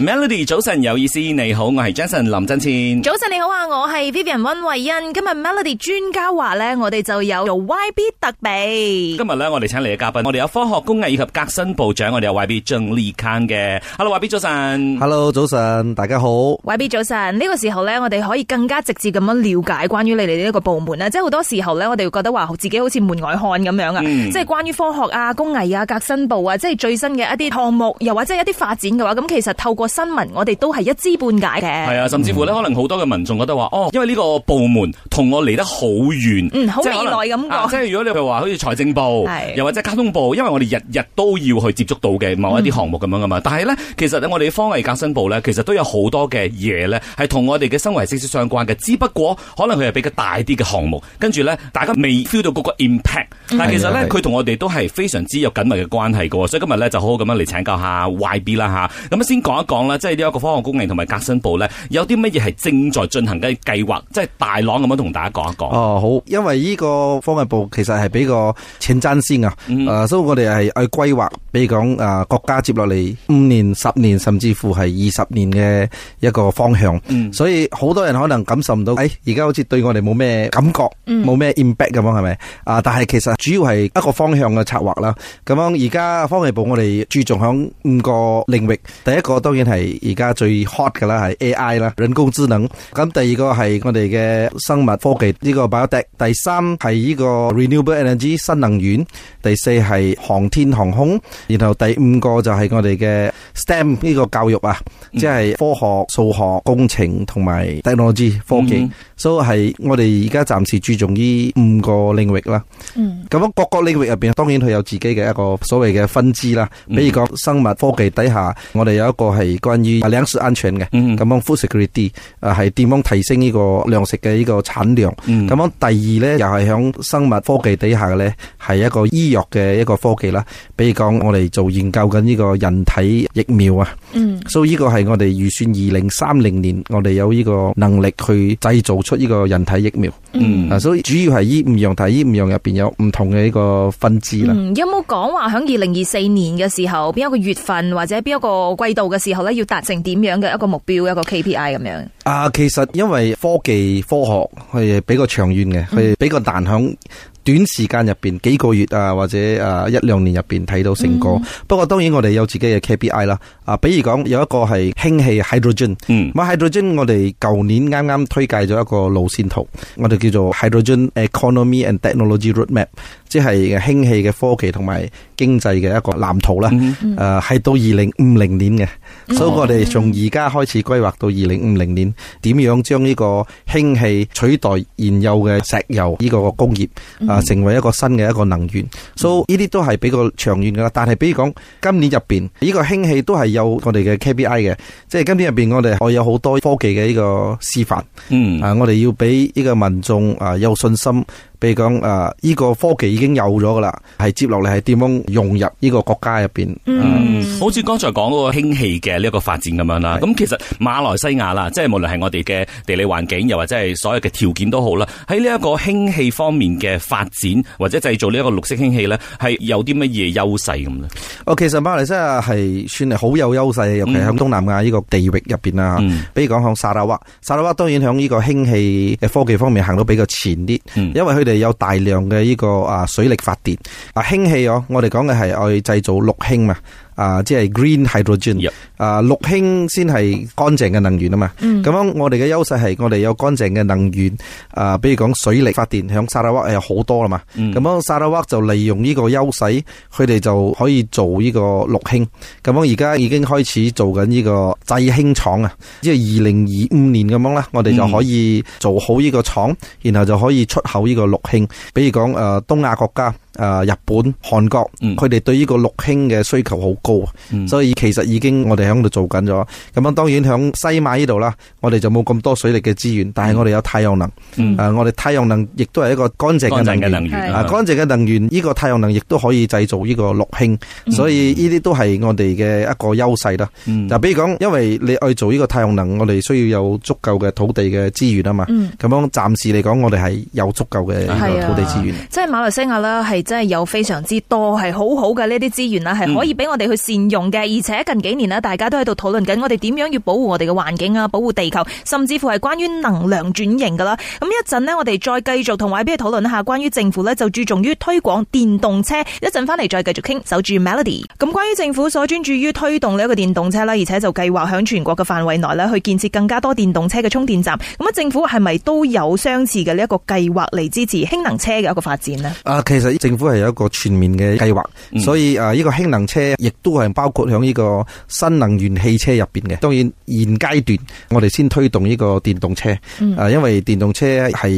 Melody 早晨有意思，你好，我係 Jason 林振千。早晨你好啊，我係 Vivian 溫慧欣。今日 Melody 專家話咧，我哋就有做 YB 特備。今日咧，我哋請嚟嘅嘉賓，我哋有科學工藝以及革新部長，我哋有 YB 鄭立慷嘅。Hello YB 早晨，Hello 早晨，大家好。YB 早晨，呢、這個時候咧，我哋可以更加直接咁樣了解關於你哋呢一個部門。即係好多時候咧，我哋會覺得話自己好似門外漢咁樣啊。嗯、即係關於科學啊、工藝啊、革新部啊，即係最新嘅一啲項目，又或者一啲發展嘅話，咁其實透過。個新聞我哋都係一知半解嘅，係啊，甚至乎呢可能好多嘅民眾覺得話，哦，因為呢個部門同我離得好遠，好未內咁講，即係如果你譬如話好似財政部，是又或者交通部，因為我哋日日都要去接觸到嘅某一啲項目咁樣噶嘛，但係呢，其實我哋科藝革新部呢，其實都有好多嘅嘢呢，係同我哋嘅生活息息相關嘅，只不過可能佢係比較大啲嘅項目，跟住呢，大家未 feel 到嗰個 impact，但其實呢，佢同我哋都係非常之有緊密嘅關係噶，所以今日呢，就好好咁樣嚟請教下 YB 啦吓，咁、啊、先講一。講咧，即係呢一個科學工藝同埋革新部咧，有啲乜嘢係正在進行嘅計劃，即、就、係、是、大浪咁樣同大家講一講。哦、啊，好，因為呢個科藝部其實係比較前瞻性、嗯、啊，誒，所以我哋係去規劃，比如講誒、啊、國家接落嚟五年、十年甚至乎係二十年嘅一個方向，嗯、所以好多人可能感受唔到，誒、哎，而家好似對我哋冇咩感覺，冇咩、嗯、impact 咁樣係咪？啊，但係其實主要係一個方向嘅策劃啦。咁樣而家科藝部我哋注重響五個領域，第一個當然。係而家最 hot 嘅啦，係 AI 啦，人工智能。咁第二個係我哋嘅生物科技呢個 biotech。第三係呢個 renewable energy 新能源。第四係航天航空。然後第五個就係我哋嘅 STEM 呢個教育啊，嗯、即係科學、數學、工程同埋 technology 科技。所以係我哋而家暫時注重於五個領域啦。嗯，咁啊，各個領域入邊，當然佢有自己嘅一個所謂嘅分支啦。嗯、比如講生物科技底下，我哋有一個係。關於糧食安全嘅，咁樣、mm hmm. food security，誒係點樣提升呢個糧食嘅呢個產量？咁樣、mm hmm. 第二咧，又係響生物科技底下嘅咧，係一個醫藥嘅一個科技啦。比如講，我哋做研究緊呢個人體疫苗啊，嗯，所以呢個係我哋預算二零三零年，我哋有呢個能力去製造出呢個人體疫苗。嗯、mm，所以主要係呢五樣題，呢五樣入邊有唔同嘅呢個分支啦。Mm hmm. 有冇講話響二零二四年嘅時候，邊一個月份或者邊一個季度嘅時候？要達成點樣嘅一個目標，一個 KPI 咁樣。啊，其實因為科技科學係比較長遠嘅，係、嗯、比較彈性。短時間入邊幾個月啊，或者啊一兩年入邊睇到成果。不過當然我哋有自己嘅 KPI 啦。啊，比如講有一個係氫氣 Hydrogen，嗯，冇 Hydrogen 我哋舊年啱啱推介咗一個路線圖，我哋叫做 Hydrogen Economy and Technology Roadmap，即係氫氣嘅科技同埋經濟嘅一個藍圖啦。誒，係到二零五零年嘅，所以我哋從而家開始規劃到二零五零年，點樣將呢個氫氣取代現有嘅石油呢個工業。啊，成為一個新嘅一個能源，所以呢啲都係比較長遠噶啦。但係比如講今年入邊呢個氫氣都係有我哋嘅 KBI 嘅，即係今年入邊我哋我有好多科技嘅呢個示範，嗯，啊，我哋要俾呢個民眾啊有信心。比如講誒，呢個科技已經有咗噶啦，係接落嚟係點樣融入呢個國家入邊？嗯，好似剛才講嗰個氫氣嘅呢一個發展咁樣啦。咁是其實馬來西亞啦，即係無論係我哋嘅地理環境，又或者係所有嘅條件都好啦。喺呢一個氫氣方面嘅發展或者製造呢一個綠色氫氣咧，係有啲乜嘢優勢咁咧？哦，其實馬來西亞係算係好有優勢，尤其響東南亞呢個地域入邊啦。嗯、比如講響沙拉哇，沙拉哇當然響呢個氫氣嘅科技方面行到比較前啲，嗯、因為佢哋。有大量嘅呢個啊水力發電啊，氫氣哦，我哋講嘅係愛製造綠氫嘛。啊，即係 green hydrogen，Yep. 啊，綠氫先係乾淨嘅能源啊嘛。咁、mm. 樣我哋嘅優勢係我哋有乾淨嘅能源，啊，比如講水力發電響沙拉瓦有好多啦嘛。咁、mm. 樣沙拉瓦就利用呢個優勢，佢哋就可以做呢個綠氫。咁樣而家已經開始做緊呢個製氫廠啊，即係二零二五年咁樣啦，我哋就可以做好呢個廠，然後就可以出口呢個綠氫，比如講誒、呃、東亞國家。誒，日本、韓國，佢哋、嗯、對呢個綠氫嘅需求好高，嗯、所以其實已經我哋喺度做緊咗。咁樣當然響西馬呢度啦，我哋就冇咁多水力嘅資源，嗯、但係我哋有太陽能。誒、嗯啊，我哋太陽能亦都係一個乾淨嘅能源。乾淨嘅能源，呢個、啊呢個太陽能亦都可以製造呢個綠氫，嗯、所以呢啲都係我哋嘅一個優勢啦。嗯、就比如講，因為你去做呢個太陽能，我哋需要有足夠嘅土地嘅資源啊嘛。咁、嗯、樣暫時嚟講，我哋係有足夠嘅土地資源。是啊、即係馬來西亞啦，係。真係有非常之多係好好嘅呢啲資源啦，係可以俾我哋去善用嘅。而且近幾年呢，大家都喺度討論緊，我哋點樣要保護我哋嘅環境啊，保護地球，甚至乎係關於能量轉型噶啦。咁一陣呢，我哋再繼續同外邊討論一下關於政府呢，就注重於推廣電動車。一陣翻嚟再繼續傾，守住 Melody。咁關於政府所專注於推動呢一個電動車啦，而且就計劃響全國嘅範圍內呢去建設更加多電動車嘅充電站。咁啊，政府係咪都有相似嘅呢一個計劃嚟支持氫能車嘅一個發展呢？啊，其實政府係有一個全面嘅計劃，所以誒呢個氫能車亦都係包括響呢個新能源汽車入邊嘅。當然，現階段我哋先推動呢個電動車，啊，因為電動車係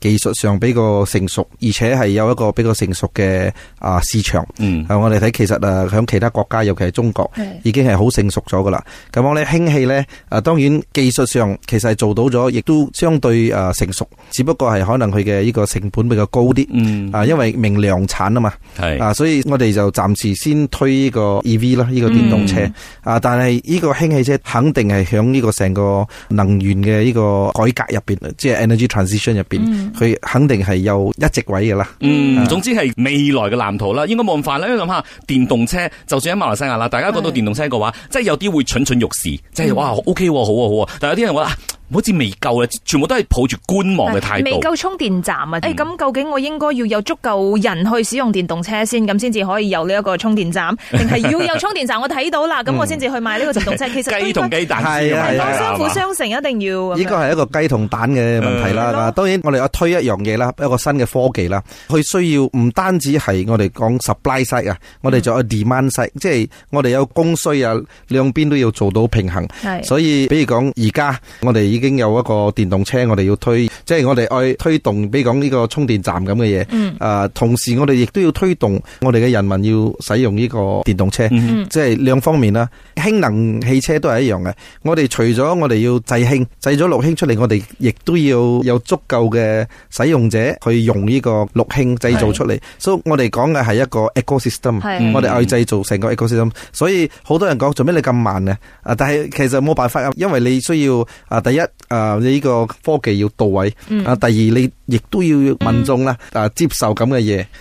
技術上比較成熟，而且係有一個比較成熟嘅啊市場。嗯，我哋睇其實誒響其他國家，尤其係中國，已經係好成熟咗噶啦。咁我哋氫氣咧，啊當然技術上其實係做到咗，亦都相對誒成熟，只不過係可能佢嘅呢個成本比較高啲。嗯，啊，因為明年。量產啊嘛，係是啊，所以我哋就暫時先推呢個 E V 啦，呢、這個電動車、嗯、啊，但係呢個氫汽車肯定係響呢個成個能源嘅呢個改革入邊，即、就、係、是、Energy Transition 入邊，佢、嗯、肯定係有一席位噶啦。嗯，是總之係未來嘅藍圖啦，應該冇咁煩啦。因為諗下電動車，就算喺馬來西亞啦，大家講到電動車嘅話，是即係有啲會蠢蠢欲試，即係哇、嗯、，O、okay、K，、啊、好啊好啊，但係有啲人話。好似未夠啦，全部都係抱住觀望嘅態度。未夠充電站啊！誒，咁究竟我應該要有足夠人去使用電動車先，咁先至可以有呢一個充電站，定係要有充電站？我睇到啦，咁我先至去買呢個電動車。其實雞同雞蛋係係係相輔相成，一定要。呢個係一個雞同蛋嘅問題啦。當然，我哋有推一樣嘢啦，一個新嘅科技啦，佢需要唔單止係我哋講 supply side 啊，我哋就有 demand side，即係我哋有供需啊，兩邊都要做到平衡。所以，比如講而家我哋已經有一個電動車，我哋要推。即係我哋愛推動，比如講呢個充電站咁嘅嘢。誒，同時我哋亦都要推動我哋嘅人民要使用呢個電動車。即係兩方面啦，氫能汽車都係一樣嘅。我哋除咗我哋要製氫，製咗綠氫出嚟，我哋亦都要有足夠嘅使用者去用呢個綠氫製造出嚟。所以我哋講嘅係一個 ecosystem，我哋愛製造成個 ecosystem。所以好多人講做咩你咁慢呢？啊，但係其實冇辦法啊，因為你需要啊，第一啊，你呢個科技要到位。啊！第二你亦都要民眾啦，啊，接受咁嘅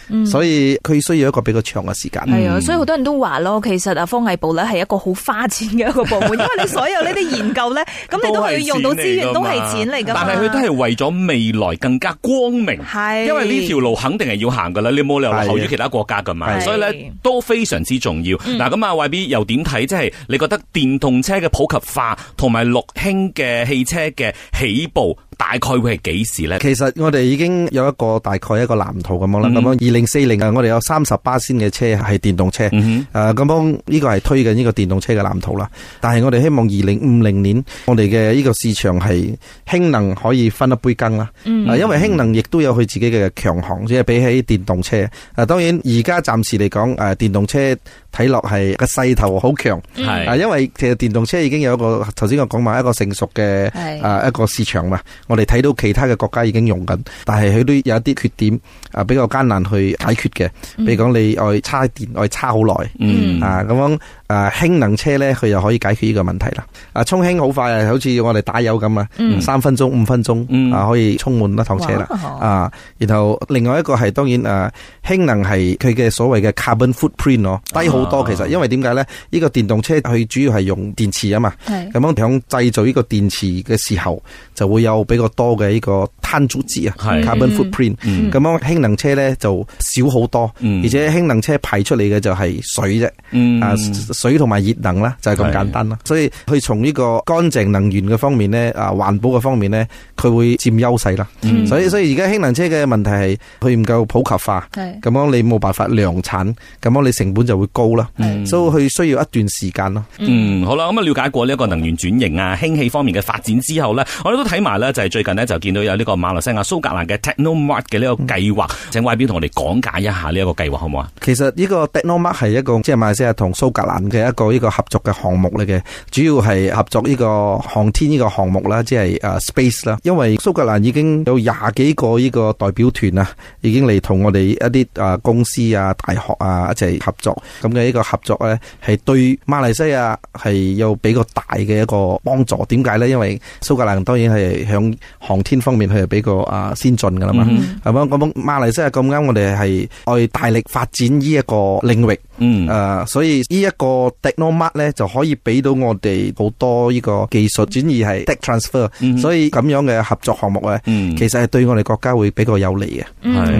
嘢，所以佢需要一個比較長嘅時間。係啊，所以好多人都話咯，其實啊，科藝部咧係一個好花錢嘅一個部門，因為你所有呢啲研究咧，咁你都係要用到資源，都係錢嚟噶。但係佢都係為咗未來更加光明，係，因為呢條路肯定係要行噶啦，你冇理由落後於其他國家噶嘛。所以咧都非常之重要。嗱，咁啊 YB 又點睇？即係你覺得電動車嘅普及化同埋綠氫嘅汽車嘅起步？大概會係幾時呢？其實我哋已經有一個大概一個藍圖咁樣啦。咁樣二零四零啊，40, 我哋有三十八先嘅車係電動車。嗯哼，誒，咁樣呢個係推緊呢個電動車嘅藍圖啦。但係我哋希望二零五零年，我哋嘅呢個市場係氫能可以分一杯羹啦。啊、嗯哼，因為氫能亦都有佢自己嘅強項，即係比起電動車。啊，當然而家暫時嚟講，誒，電動車。睇落係個勢頭好強，係啊是，因為其實電動車已經有一個，頭先我講埋一個成熟嘅啊一個市場嘛。是我哋睇到其他嘅國家已經用緊，但係佢都有啲缺點啊，比較艱難去解決嘅。嗯、比如講你愛差電，愛差好耐，嗯、啊咁。誒，氫、啊、能車咧，佢又可以解決呢個問題啦。啊，充氫好快啊，好似我哋打油咁啊，三、嗯、分鐘五分鐘、嗯、啊，可以充滿一趟車啦。哇啊，然後另外一個係當然誒、啊，氫能係佢嘅所謂嘅 carbon footprint 囉，低好多其實。啊、因為點解咧？呢、呢個電動車佢主要係用電池啊嘛，咁是樣響製造呢個電池嘅時候就會有比較多嘅呢、呢個。碳足跡啊，carbon footprint，咁樣氫能車咧就少好多，嗯、而且氫能車排出嚟嘅就係水啫，嗯、啊水同埋熱能啦，就係咁簡單啦，的所以佢從呢個乾淨能源嘅方面咧啊，環保嘅方面咧，佢會佔優勢啦，嗯、所以所以而家氫能車嘅問題係佢唔夠普及化，咁的樣你冇辦法量產，咁樣你成本就會高啦，嗯、所以佢需要一段時間咯。嗯，好啦，咁啊了解過呢一個能源轉型啊、氫氣方面嘅發展之後咧，我哋都睇埋咧就係、是、最近咧就見到有呢、這個。馬來西亞蘇格蘭嘅 TechnoMart 嘅呢一個計劃，嗯、請外邊同我哋講解一下呢一個計劃，好唔好啊？其實呢個 TechnoMart 係一個即係馬來西亞同蘇格蘭嘅一個呢個合作嘅項目嚟嘅，主要係合作呢個航天呢個項目啦，即係誒 space 啦。因為蘇格蘭已經有廿幾個呢個代表團啊，已經嚟同我哋一啲誒公司啊、大學啊一齊合作咁嘅呢個合作咧，係對馬來西亞係有比較大嘅一個幫助。點解咧？因為蘇格蘭當然係向航天方面去。俾個啊先進噶啦嘛，咁、嗯、哼馬來西亞咁啱，我哋係去大力發展呢一個領域。嗯，誒，所以呢一個 technology 咧，就可以俾到我哋好多呢個技術轉移係 tech transfer，所以咁樣嘅合作項目咧，其實係對我哋國家會比較有利嘅。係，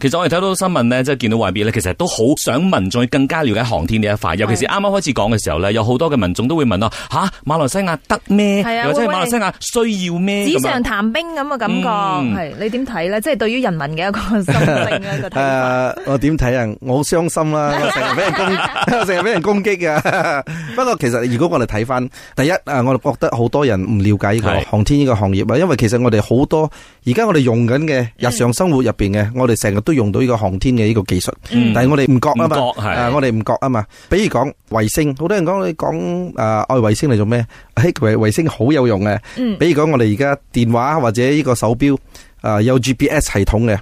其實我哋睇到新聞咧，即係見到外邊咧，其實都好想民眾更加了解航天呢一塊，尤其是啱啱開始講嘅時候咧，有好多嘅民眾都會問啊吓，馬來西亞得咩？啊，即係馬來西亞需要咩？紙上談兵咁嘅感覺，係，你點睇咧？即係對於人民嘅一個心聲咧，個睇法。誒，我點睇啊？我好傷心啦。成日俾人攻擊嘅，不過其實如果我哋睇返，第一啊，我哋覺得好多人唔了解呢個航天呢個行業啊，因為其實我哋好多而家我哋用緊嘅日常生活入邊嘅，我哋成日都用到呢個航天嘅呢個技術，但係我哋唔覺啊嘛，誒，我哋唔覺啊嘛，比如講衛星，好多人講，你講誒愛衛星嚟做咩？衛星好有用嘅，比如講我哋而家電話或者呢個手表。誒，有 GPS 系統嘅，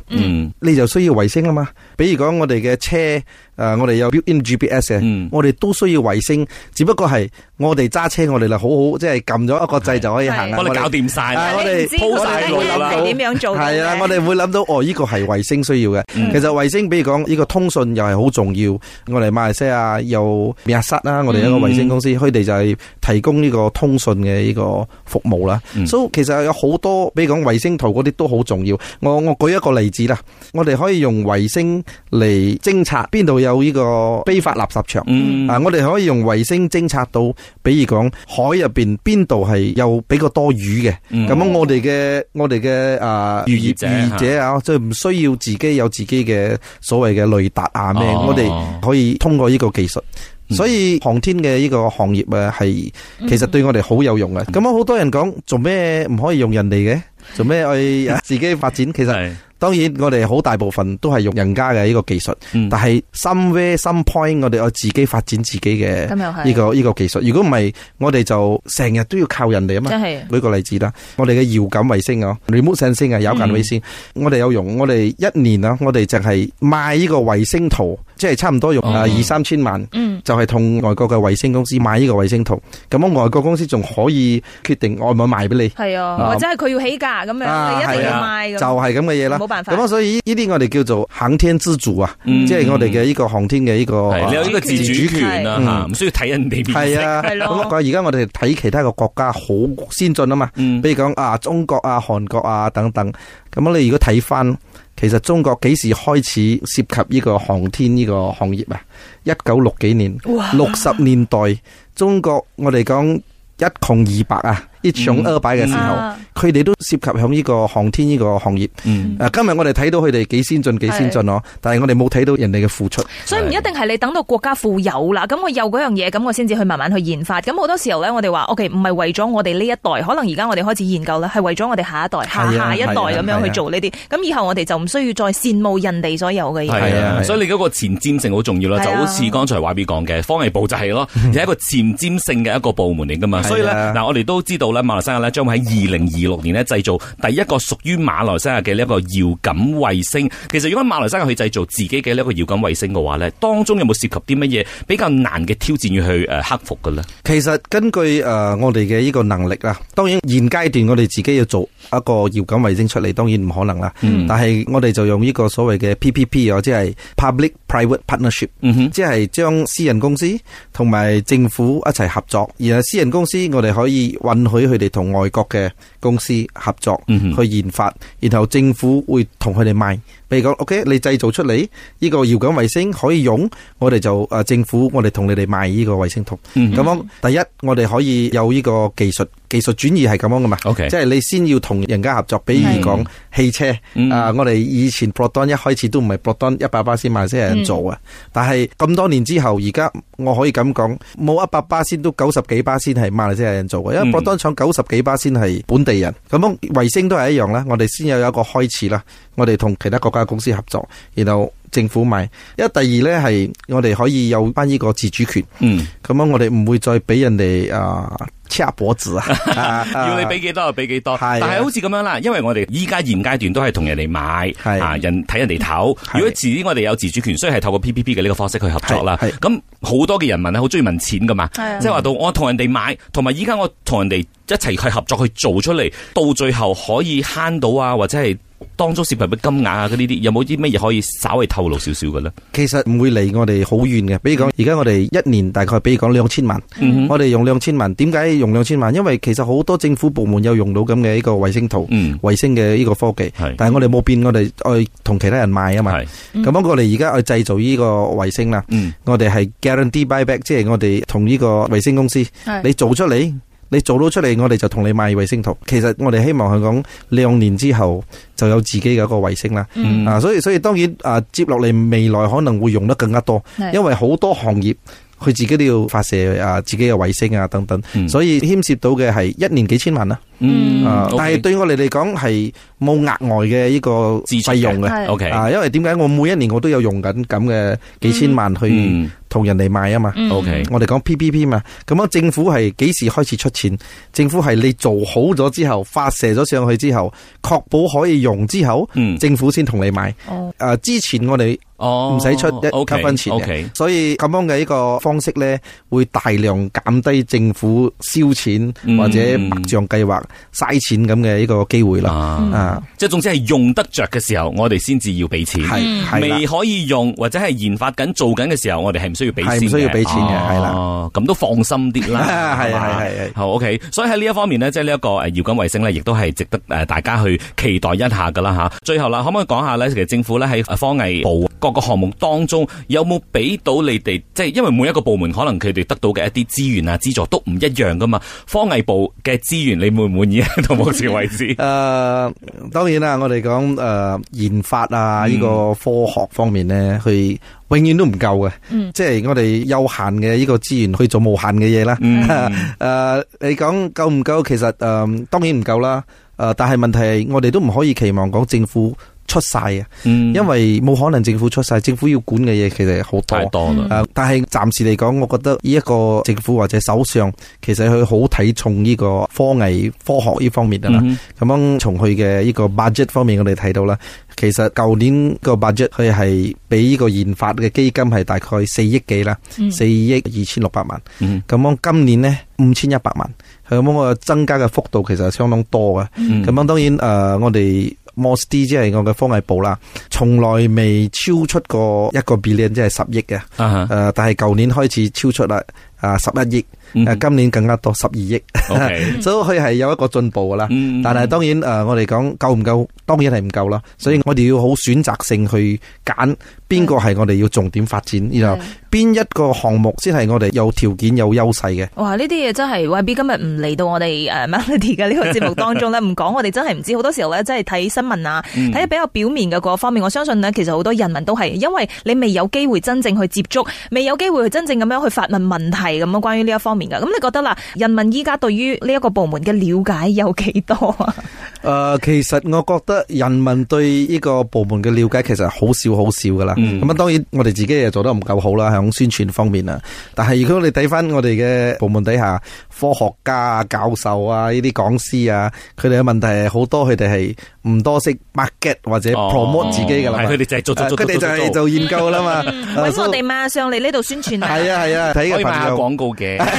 你就需要衛星啊嘛。比如講我哋嘅車，誒，我哋有 built-in GPS 嘅，我哋都需要衛星。只不過係我哋揸車，我哋就好好即係撳咗一個掣就可以行啦。我哋搞掂晒，我哋鋪晒路啦。點樣做？係啊，我哋會諗到哦，呢個係衛星需要嘅。其實衛星，比如講呢個通訊又係好重要。我哋馬來西亞有 MEASAT，啦，我哋一個衛星公司，佢哋就係提供呢個通訊嘅呢個服務啦。所以其實有好多，比如講衛星圖嗰啲都好重要，我我舉一個例子啦，我哋可以用衛星嚟偵察邊度有呢個非法垃圾場，嗯、啊，我哋可以用衛星偵察到，比如講海入邊邊度係有比較多魚嘅，咁樣、嗯、我哋嘅、嗯、我哋嘅啊漁業漁業者啊，即係唔需要自己有自己嘅所謂嘅雷達啊咩，我哋可以通過呢個技術，嗯、所以航天嘅呢個行業啊係其實對我哋好有用嘅，咁樣好多人講做咩唔可以用人哋嘅？做咩去自己發展？其實當然，我哋好大部分都係用人家嘅呢個技術，但係 somewhere some point，我哋要自己發展自己嘅呢個呢個技術。如果唔係，我哋就成日都要靠人哋啊嘛。真係舉個例子啦，我哋嘅遙感衛星啊，remote sensing 啊，遙感衛星，我哋有用，我哋一年啊，我哋淨係賣呢個衛星圖。即係差唔多用二三千萬，就係同外國嘅衛星公司買呢個衛星圖。咁樣外國公司仲可以決定可唔可以賣俾你？係啊，或者係佢要起價咁樣，你一定要賣嘅。就係咁嘅嘢啦，冇辦法。咁所以呢啲我哋叫做航天自主啊，即係我哋嘅呢個航天嘅呢個，有呢個自主權啊，唔需要睇人哋。係啊，咁啊，而家我哋睇其他個國家好先進啊嘛。比如講啊，中國啊、韓國啊等等。咁你如果睇翻。其實中國幾時開始涉及呢個航天呢個行業啊？一九六幾年，六十哇年代，中國我哋講一窮二白啊。一種 u l 嘅時候，佢哋、嗯嗯、都涉及喺呢個航天呢、呢個行業。嗯、今日我哋睇到佢哋幾先進幾先進咯，的但係我哋冇睇到人哋嘅付出。所以唔一定係你等到國家富有啦，咁的我有嗰樣嘢，咁我先至去慢慢去研發。咁好多時候呢，OK，我哋話 O K，唔係為咗我哋呢一代，可能而家我哋開始研究啦，係為咗我哋下一代、下下一代咁樣去做呢啲。咁以後我哋就唔需要再羨慕人哋所有嘅嘢。所以你嗰個前瞻性好重要啦。就好似剛才話面講嘅，的科藝部就係、是、咯，係一個前瞻性嘅一個部門嚟㗎嘛。 所以嗱，我哋都知道。馬來西亞咧，將會喺二零二六年咧，製造第一個屬於馬來西亞嘅呢一個遙感衛星。其實如果馬來西亞去製造自己嘅呢一個遙感衛星嘅話咧，當中有冇涉及啲乜嘢比較難嘅挑戰要去誒克服嘅咧？其實根據誒我哋嘅呢個能力啦，當然現階段我哋自己要做一個遙感衛星出嚟，當然唔可能啦。但係我哋就用呢個所謂嘅 PPP，或即係 public-private partnership，即係將私人公司同埋政府一齊合作，而係私人公司我哋可以允許。俾佢哋同外國嘅公司合作，去研發，然後政府會同佢哋賣。譬如講，OK，你製造出嚟呢、這個遙感衛星可以用，我哋就誒政府，我哋同你哋賣呢個衛星圖。咁、mm hmm. 樣，第一，我哋可以有呢個技術技術轉移係咁樣噶嘛？Okay. 即係你先要同人家合作。比如講是汽車，mm hmm. 啊，我哋以前博登一開始都唔係博登一百巴先先有人做啊，mm hmm. 但係咁多年之後，而家我可以咁講，冇一百巴先都九十幾巴先係馬來西亞人做啊。因為博登廠九十幾巴先係本地人。咁、mm hmm. 樣衛星都係一樣啦，我哋先有一個開始啦，我哋同其他國家。公司合作，然後政府買，因為第二咧係我哋可以有翻呢個自主權。嗯，咁樣我哋唔會再俾人哋啊掐脖子啊， 要你俾幾多就俾幾多。是的但係好似咁樣啦，因為我哋依家現階段都係同人哋買，啊的人睇人哋頭。的如果自己我哋有自主權，所以係透過 PPP 嘅呢個方式去合作啦。咁好多嘅人民咧好中意問錢噶嘛，的即係話到我同人哋買，同埋依家我同人哋一齊去合作去做出嚟，到最後可以慳到啊，或者係。當中涉及嘅金額啊，呢啲有冇啲乜嘢可以稍為透露少少嘅咧？其實唔會離我哋好遠嘅，比如講而家我哋一年大概，比如講兩千萬，我哋用兩千萬，點解用兩千萬？因為其實好多政府部門有用到咁嘅一個衛星圖，衛星嘅呢個科技，但係我哋冇變，我哋去同其他人賣啊嘛。咁我哋而家去製造呢個衛星啦，我哋係 guarantee buy back，即係我哋同呢個衛星公司，你做出嚟。你做到出嚟，我哋就同你買衛星圖。其實我哋希望佢講兩年之後就有自己嘅一個衛星啦。啊、嗯，所以所以當然啊，接落嚟未來可能會用得更加多，是因為好多行業佢自己都要發射啊，自己嘅衛星啊等等，嗯、所以牽涉到嘅係一年幾千萬啦。嗯，但係對我哋嚟講係冇額外嘅呢個自費用嘅，OK 啊，因為點解我每一年我都有用緊咁嘅幾千萬去同、嗯嗯、人哋買啊嘛，OK，我哋講 PPP 嘛，咁、嗯 okay，樣政府係幾時開始出錢？政府係你做好咗之後，發射咗上去之後，確保可以用之後，嗯、政府先同你買。誒、哦啊，之前我哋唔使出一、哦、okay，分錢嘅，okay, okay 所以咁樣嘅呢個方式咧，會大量減低政府燒錢、嗯、或者白象計劃嘥錢咁嘅呢個機會啦，即係、啊嗯、總之係用得着嘅時候，我哋先至要俾錢，嗯、未可以用或者係研發緊做緊嘅時候，我哋係唔需要俾錢，唔需要俾錢嘅，哦，咁都放心啲啦，係啊，係係，好 OK，所以喺呢一方面呢，即係呢一個誒遙感衛星呢，亦都係值得誒大家去期待一下噶啦吓。最後啦，可唔可以講下呢？其實政府呢，喺科藝部各個項目當中，有冇俾到你哋？即、就、係、是、因為每一個部門可能佢哋得到嘅一啲資源啊資助都唔一樣噶嘛。科藝部嘅資源，你會唔會？滿意到目前為止。誒，當然啦，我哋講誒研發啊，呢個科學方面咧，佢永遠都唔夠嘅。嗯，即係我哋有限嘅呢個資源去做無限嘅嘢啦。誒，你講夠唔夠？其實誒，當然唔夠啦。誒，但係問題係，我哋都唔可以期望講政府。出晒啊！因為冇可能政府出晒，政府要管嘅嘢其實好多。多呃、但係暫時嚟講，我覺得呢一個政府或者首相，其實佢好睇重呢個科技、科學呢方面啊。咁樣、嗯、哼從佢嘅呢個 budget 方面，我哋睇到啦，其實舊年個 budget 佢係俾呢個研發嘅基金係大概四億幾啦，四億二千六百萬。咁樣、嗯、哼今年呢五千一百萬，咁樣增加嘅幅度其實相當多嘅。咁、嗯、哼樣當然誒、呃，我哋。MOSTI 即係我嘅科藝部啦，從來未超出過一個 billion，即係十億嘅。誒、uh，huh. 但係舊年開始超出啦。啊，十一億、啊，今年更加多十二億，Okay. 所以佢係有一個進步㗎啦。但係當然誒、啊，我哋講夠唔夠，當然係唔夠啦。所以我哋要好選擇性去揀邊個係我哋要重點發展，然後邊一個項目先係我哋有條件有優勢嘅。哇，呢啲嘢真係 YB 今日唔嚟到我哋、uh, Melody 嘅呢個節目當中呢。唔講 我哋真係唔知。好多時候呢，真係睇新聞啊，睇得、嗯、比較表面嘅嗰方面。我相信呢，其實好多人民都係，因為你未有機會真正去接觸，未有機會去真正咁樣去發問問題。咁樣，關於呢一方面噶咁你覺得啦？人民依家對於呢一個部門嘅了解有幾多啊？誒、呃，其實我覺得人民對呢個部門嘅了解其實好少好少噶啦。咁啊，當然我哋自己又做得唔夠好啦，喺宣傳方面啊。但係如果你看我哋睇翻，我哋嘅部門底下、嗯、科學家教授啊、呢啲講師啊，佢哋嘅問題係好多，佢哋係。唔多識 market 或者 promote 自己噶啦，係佢哋就係做做做做做，佢哋就係做研究啦嘛。唔係我哋馬上嚟呢度宣傳啊！係啊係啊，睇個朋友廣告嘅，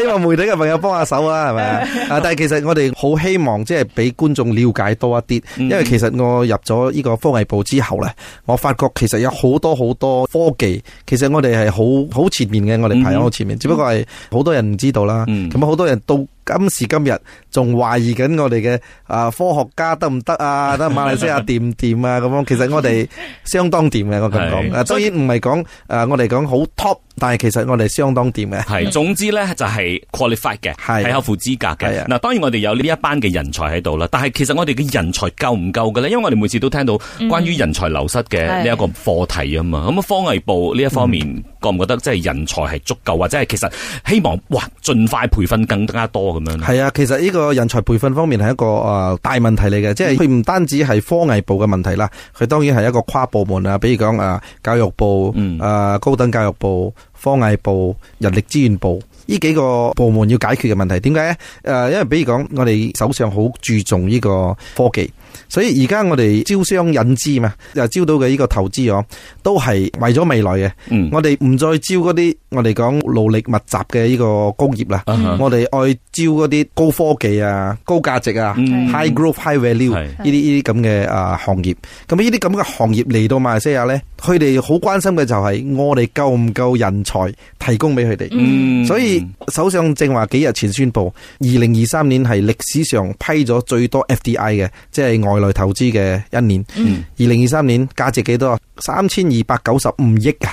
希望媒體嘅朋友幫下手啊，係咪啊？但係其實我哋好希望即係俾觀眾了解多一啲，因為其實我入咗呢個科技部之後咧，我發覺其實有好多好多科技，其實我哋係好好前面嘅，我哋排喺好前面，只不過係好多人唔知道啦，咁啊好多人都。今時今日仲懷疑緊我哋嘅啊科學家得唔得啊？得馬來西亞掂唔掂啊？咁樣 其實我哋相當掂嘅，我咁講。當然唔係講誒，我哋講好 top。但係其實我哋相當掂嘅，係總之咧就係、是、qualify 嘅，係合乎資格嘅。嗱，是的 當然我哋有呢一班嘅人才喺度啦。但係其實我哋嘅人才夠唔夠嘅咧？因為我哋每次都聽到關於人才流失嘅呢一個課題啊嘛。咁啊，科藝部呢一方面，覺唔、嗯、覺得即係人才係足夠，或者係其實希望哇，盡快培訓更加多咁樣係啊，其實呢個人才培訓方面係一個誒大問題嚟嘅。嗯、即係佢唔單止係科藝部嘅問題啦，佢當然係一個跨部門啊。比如講教育部，誒、嗯、高等教育部。科藝部、人力資源部呢幾個部門要解決嘅問題，點解呢誒，因為比如講，我哋首相好注重呢個科技。所以而家我哋招商引資嘛，又招到嘅呢個投資嗬，都係為咗未來嘅、嗯。我哋唔再招嗰啲我哋講勞力密集嘅呢個工業啦。啊、哈我哋愛招嗰啲高科技啊、高價值啊、嗯、high growth、high value 呢啲呢啲咁嘅啊行業。咁呢啲咁嘅行業嚟到馬來西亞咧，佢哋好關心嘅就係我哋夠唔夠人才提供俾佢哋。嗯、所以首相正話幾日前宣布，二零二三年係歷史上批咗最多 FDI 嘅，即係。外來投資嘅一年，二零二三年價值幾多？三千二百九十五億啊！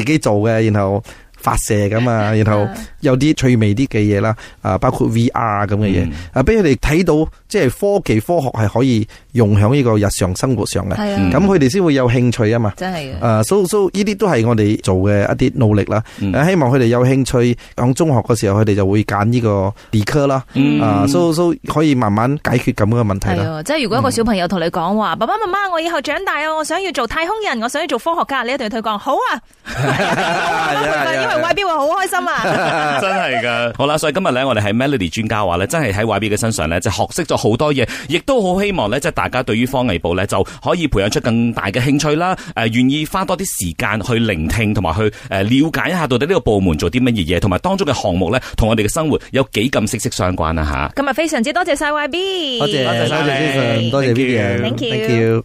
自己做嘅，然後，發射咁啊，然後有啲趣味啲嘅嘢啦，啊包括 VR 咁嘅嘢，啊俾佢哋睇到，即係科技科學係可以用喺呢個日常生活上嘅，咁佢哋先會有興趣啊嘛。真係啊，所以呢啲都係我哋做嘅一啲努力啦，希望佢哋有興趣，講中學嘅時候佢哋就會揀呢個理科啦，啊，所以可以慢慢解決咁樣嘅問題啦。即係如果一個小朋友同你講話，爸爸媽媽，我以後長大啊，我想要做太空人，我想要做科學家，你一定要講好啊。Y B 好開心啊！真係噶，好啦，所以今日咧，我哋喺 Melody 專家話咧，真係喺 Y B 嘅身上咧，就學識咗好多嘢，亦都好希望咧，即係大家對於方藝部咧，就可以培養出更大嘅興趣啦。誒、呃，願意花多啲時間去聆聽同埋去誒了解一下到底呢個部門做啲乜嘢嘢，同埋當中嘅項目咧，同我哋嘅生活有幾咁息息相關啊吓，今日非常之多謝晒 Y B，多謝，多謝，多謝，多謝，多謝，Thank you，Thank you。Thank you.